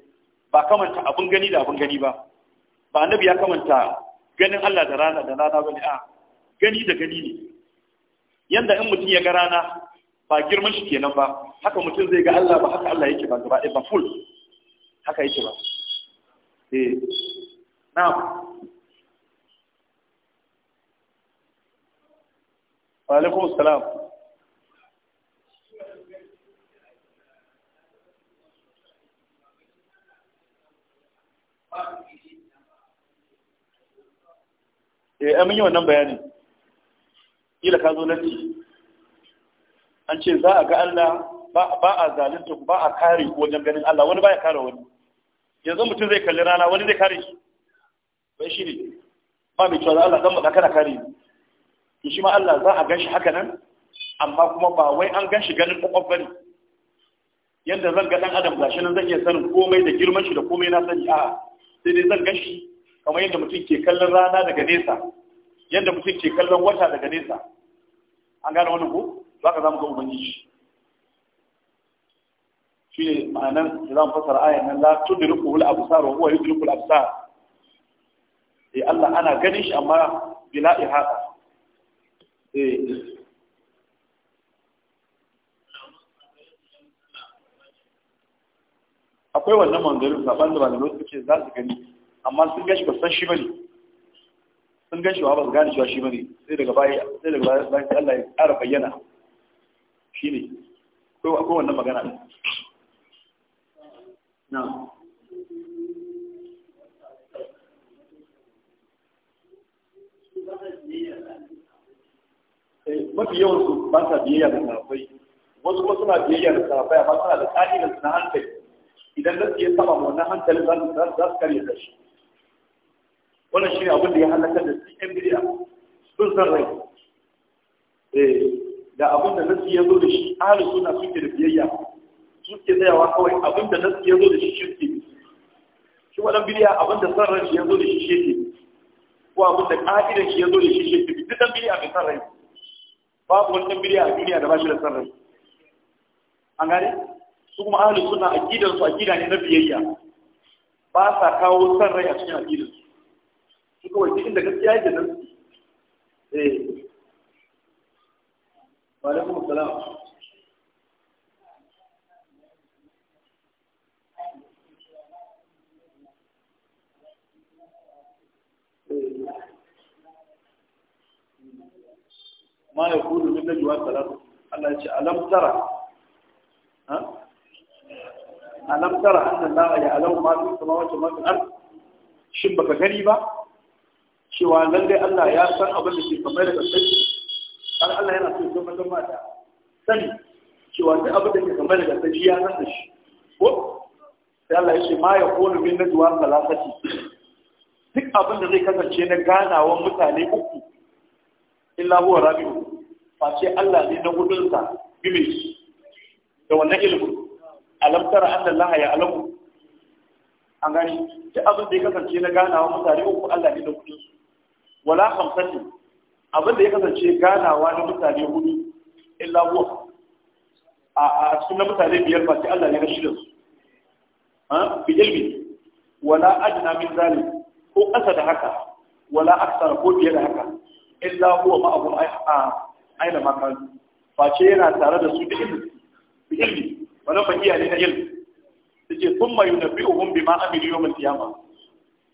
ba kamanta abun gani da abun gani ba ba annabi ya kamanta ganin Allah da rana da rana bane a gani da gani ne yanda in mutum ya ga rana ba girman shi kenan ba haka mutum zai ga Allah ba haka Allah yake ba gaba ɗaya ba full haka yake ba eh na'am wa alaikum salam eh amin yi wannan bayani kila ka zo nafi an ce za a ga Allah ba a zalunta ba a kare wajen ganin Allah wani ba ya kare wani yanzu mutum zai kalli rana wani zai kare shi bai shi ne ba mai cewa Allah dan maka kada kare to shi ma Allah za a ganshi haka nan amma kuma ba wai an ganshi ganin kokon bane yanda zan ga dan adam gashi nan zan iya sanin komai da girman shi da komai na sani a sai dai zan ganshi kamar yadda mutum ke kallon rana daga nesa yadda mutum ke kallon wata daga nesa an gane wannan ko za ka za mu ga ubangiji shi ne ma'anar da za mu fasara ayan nan la tudriku al absar wa huwa yudriku al absar eh Allah ana ganin shi amma bila ihata eh akwai wannan mangarin saban da malamai suka ce za su gani amma sun gashi ba san shi ba ne, sun gashi ba su gane cewa shi bane sai daga baya sai daga baya Allah ya ƙara bayyana Shi ne akwai wannan magana نعم eh, mafi yawan su ba sa biyayya da safai wasu kuma suna biyayya da safai amma suna da ƙa'idar na hankali idan nasu ya saba na hankali za su karye da shi wannan shi ne abin da ya halakar da su yan sun san rai eh, da abin da nasu ya zo da shi ahalu suna suke da biyayya suke ke tsayawa kawai abinda da nasu ya zo da shi shirki shi wadan bidiya abinda san ran shi ya zo da shi shirki ko abinda da shi ya zo da shi shirki duk dan bidiya mai san ran babu wani dan bidiya a duniya da ba shi da san ran an gane su kuma ahlus sunna aqidan su aqida ne na biyayya ba sa kawo san rai a cikin aqidan su kawai cikin da gaskiya yake nan eh wa alaikum salaam. ma ya kudu min najwa salatu Allah ya ce alam tara alam tara anna Allah ya alam ma fi samawati wa ma fil ard shin baka gani ba cewa nan dai Allah ya san abin da ke kamar da kasance har Allah yana so ya san mata sani cewa duk abin da ke kamar da kasance ya san da shi ko sai Allah ya ce ma ya kudu min najwa salatu duk abin da zai kasance na ganawan mutane uku illa huwa rabi'u face Allah ne na hudunsa bimi da wannan ilimin alam tara anna Allah ya alamu an gani duk abin da ya kasance na ganawa mutane uku Allah ne na kudin su wala hamsatin abin da ya kasance ganawa na mutane hudu illa huwa a cikin mutane biyar face Allah ne na shirin su ha bi ilmi wala ajna min zalim ko kasa da haka wala aksar ko fiye da haka illa huwa ma'ahum aina ma kan face yana tare da su da ilmi da ilmi wala fa iya ne na ilmi yace thumma yunabbi'uhum bima amilu yawm al-qiyamah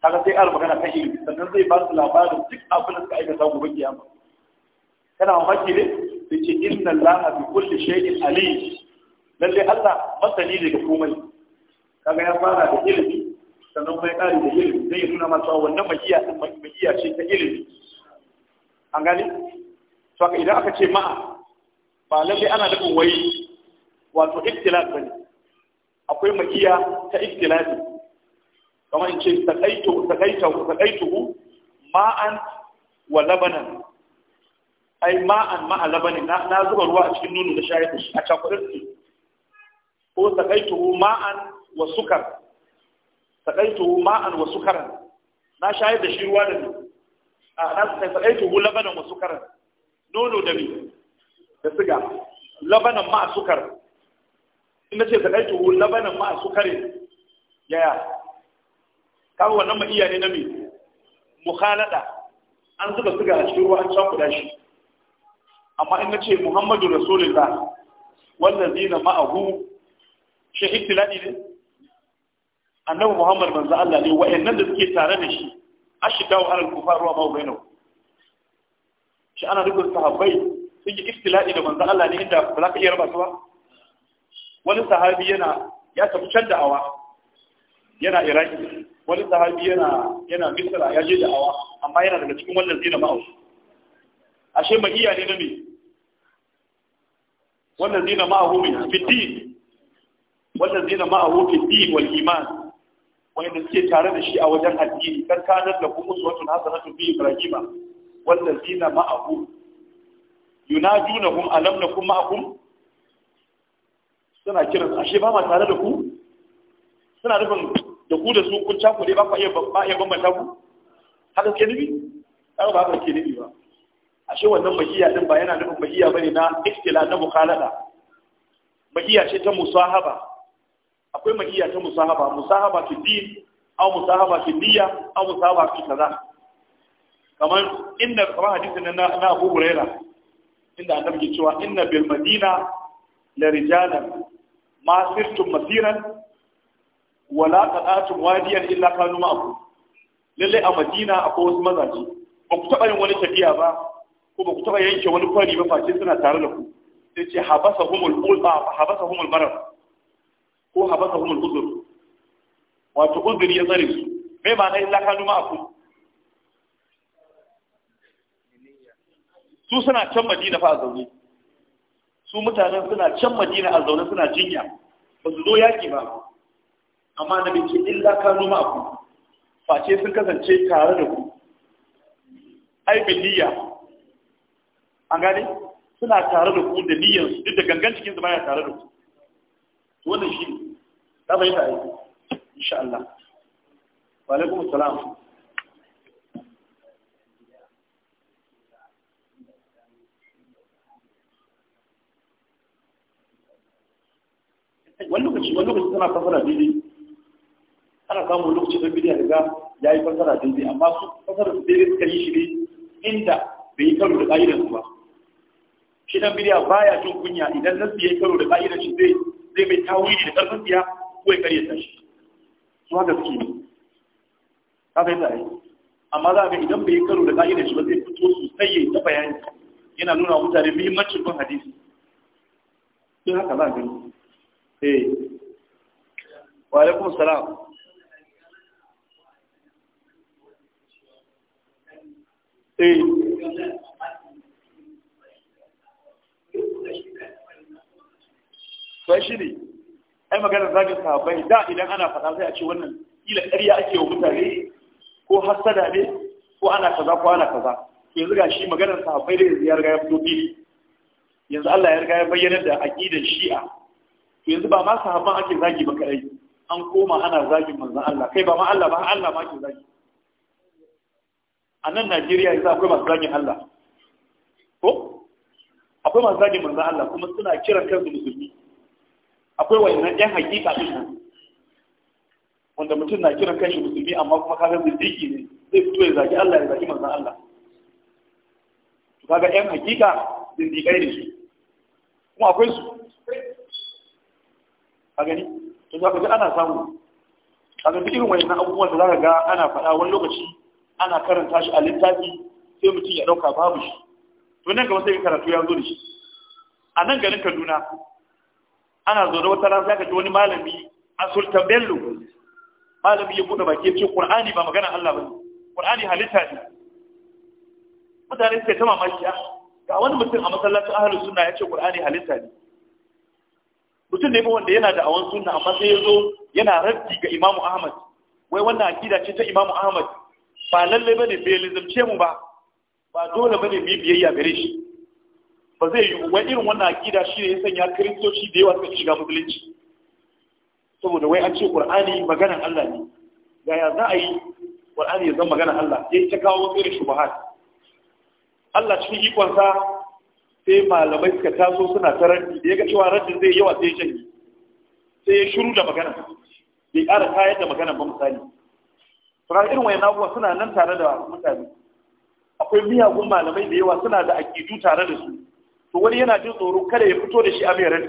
kaga sai al magana ta ilmi sannan zai ba su labarin duk abin da suka aikata gobe kiyama kana mamaki ne yace inna allaha bi kulli shay'in alim lalle Allah masani ne ga komai kaga ya fara da ilmi sannan kuma ya kare da ilmi zai nuna masa wannan magiya din magiya ce ta ilmi an gani to haka idan aka ce ma'a ba lalle ana da wai wato ikhtilaf bane akwai makiya ta ikhtilaf kamar in ce takaitu takaitu takaitu ma'an wa labanan ai ma'an ma'a labanin na zuba ruwa a cikin nono da shayar da shi a cakudarsu ko takaituhu ma'an wa sukar takaituhu ma'an wa sukaran na shayar da shi ruwa da a na su sai faɗai tuhu labanan wa sukaran nono da mi da siga labanan ma sukar in na ce faɗai tuhu labanan ma a yaya kawo wannan ma iyaye na mi mukhalada an zuba siga a cikin ruwa an da shi amma in na ce muhammadu rasulullah wannan zina ma'ahu shi ihtilali ne annabi muhammad manzo Allah ne wa'annan da suke tare da shi ashidaw alal kufar ruwa ma bainu shi ana nufin sahabbai sun yi iftila'i da manzon Allah ne inda ba za ka iya raba su ba wani sahabi yana ya tafi can da awa yana iraki wani sahabi yana yana misra ya je da awa, amma yana daga cikin wannan zina ma'au ashe mai iya ne na me wannan zina ma'ahu min fitin wannan zina ma'ahu fitin wal iman wanda suke tare da shi a wajen addini kan kanar da kuma suwatun hasanatu bi ibrahima wanda zina ma'ahu yunadunahum alam nakum ma'akum suna kiran ashe ba ma tare da ku suna rufin da ku da su kun cakure ba ku iya ba iya bambanta ku haka ke nufi haka ba haka ke nufi ba ashe wannan mahiya din ba yana nufin mahiya bane na ikhtila na mukhalada mahiya ce ta musahaba akwai maniya ta musahaba musahaba fi din aw musahaba fi niyya aw musahaba fi kaza kamar inda kamar hadisin nan na Abu Hurairah inda annabi ke cewa inna bil madina la rijalan ma sirtum masiran wala qadatum wadiyan illa kanu ma'akum lalle a madina akwai wasu mazaje ba ku taɓa yin wani tafiya ba ko ba ku taɓa yanke wani kwari ba face suna tare da ku sai ce habasa humul ulba habasa humul marar ko habasa humul uzur wato uzuri ya tsare su mai ma na illa kanu ma aku su suna can madina fa a zaune su mutanen suna can madina a zaune suna jinya ba su zo yaki ba amma na ce illa kanu ma aku face sun kasance tare da ku ai biliya an gane suna tare da ku da niyyar su duk da gangan cikin zama ya tare da ku wannan shi ne ta bai tare insha Allah wa alaikum salam wani lokaci wani lokaci tana fasara daidai ana samun lokaci don bidiyar riga ya yi fasara daidai amma su fasara su daidai suka yi shi ne inda bai yi karo da ƙa'idar su ba shi dan bidiya baya jin kunya idan nasu ya yi karo da ƙa'idar shi zai zai mai tawuri da ƙarfin siya Kuwa ya ta shi su haka suke ne ka fahimta ai amma za a ga idan bai karo da ka'idar shi ba zai fito sosai ya ta bayani yana nuna wa mutane muhimmancin bin hadisi sai haka za a gani eh wa alaikum salam eh sai shi ne ai maganar zagin sahabbai da idan ana faɗa sai a ce wannan kila ƙarya ake wa mutane ko hasada ne ko ana kaza ko ana kaza yanzu ga shi maganar sahabbai da yanzu ya riga ya fito fili yanzu Allah ya riga ya bayyana da aqidar Shi'a yanzu ba ma sahabban ake zagi ba kai an koma ana zagin manzon Allah kai ba ma Allah ba Allah ma ke zagi a nan Najeriya yanzu akwai masu zagin Allah ko akwai masu zagin manzon Allah kuma suna kiran kansu musulmi akwai wannan yan hakika ɗin nan wanda mutum na kiran kanshi musulmi amma kuma kaga musulmi ne zai fito ya zaki Allah ya zaki manzan Allah to kaga yan hakika zindikai ne su kuma akwai su a gani to za ka ga ana samu a ga irin wannan abubuwan da za ka ga ana faɗa wani lokaci ana karanta shi a littafi sai mutum ya ɗauka babu shi to nan gaba sai karatu ya zo da shi a nan garin Kaduna ana zo da wata ran sai ka ji wani malami a sultan bello malami ya buɗe baki ya ce qur'ani ba magana Allah bane qur'ani halitta ne mutane suke ta mamaki ah, ga wani mutum a masallacin ahlus sunna ya ce qur'ani halitta ne mutum ne wanda yana da awon sunna amma sai ya zo yana raddi ga imamu ahmad wai wannan akida ce ta imamu ahmad ba lalle bane bai ce mu ba ba dole bane bibiyayya yi gare shi ba zai yi wa irin wannan aƙida shi ne ya sanya kiristoci da yawa suka shiga musulunci saboda wai an ce qur'ani maganar Allah ne ga ya za a yi qur'ani ya zama maganar Allah ya ta kawo irin shubuhat Allah cikin ikonsa sai malamai suka taso suna ta raddi da ya ga cewa raddin zai yawa sai ya canji sai ya shiru da magana bai ƙara kayan da magana ba misali sauran irin wayan abubuwa suna nan tare da mutane akwai miyagun malamai da yawa suna da aƙidu tare da su to wani yana jin tsoro kada ya fito da shi a mai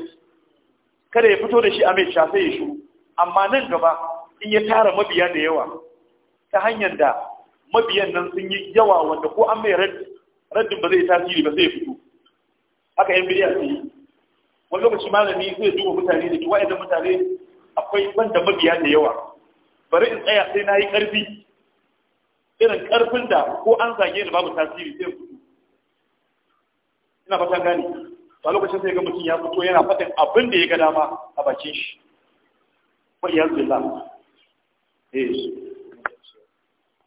kada ya fito da shi a mai shafe ya shiru amma nan gaba in ya tara mabiya da yawa ta hanyar da mabiyan nan sun yi yawa wanda ko an mai raddin ba zai tasiri ba zai fito haka yan bidiya su yi wani lokaci malami zai duba mutane da kiwa idan mutane akwai banda mabiya da yawa bari in tsaya sai na yi ƙarfi irin ƙarfin da ko an zage ni babu tasiri sai fito ina fata gane a lokacin sai ga mutum ya fito yana fatan abin da ya ga dama a bakin shi fa iya zila eh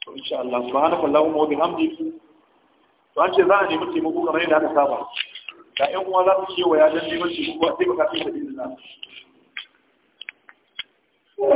to insha Allah subhanahu wa ta'ala wa bihamdihi to an ce za a nemi taimako kamar yadda aka saba da ƴan uwa za su ce wa ya dan neman sai a taimaka fi sabilillah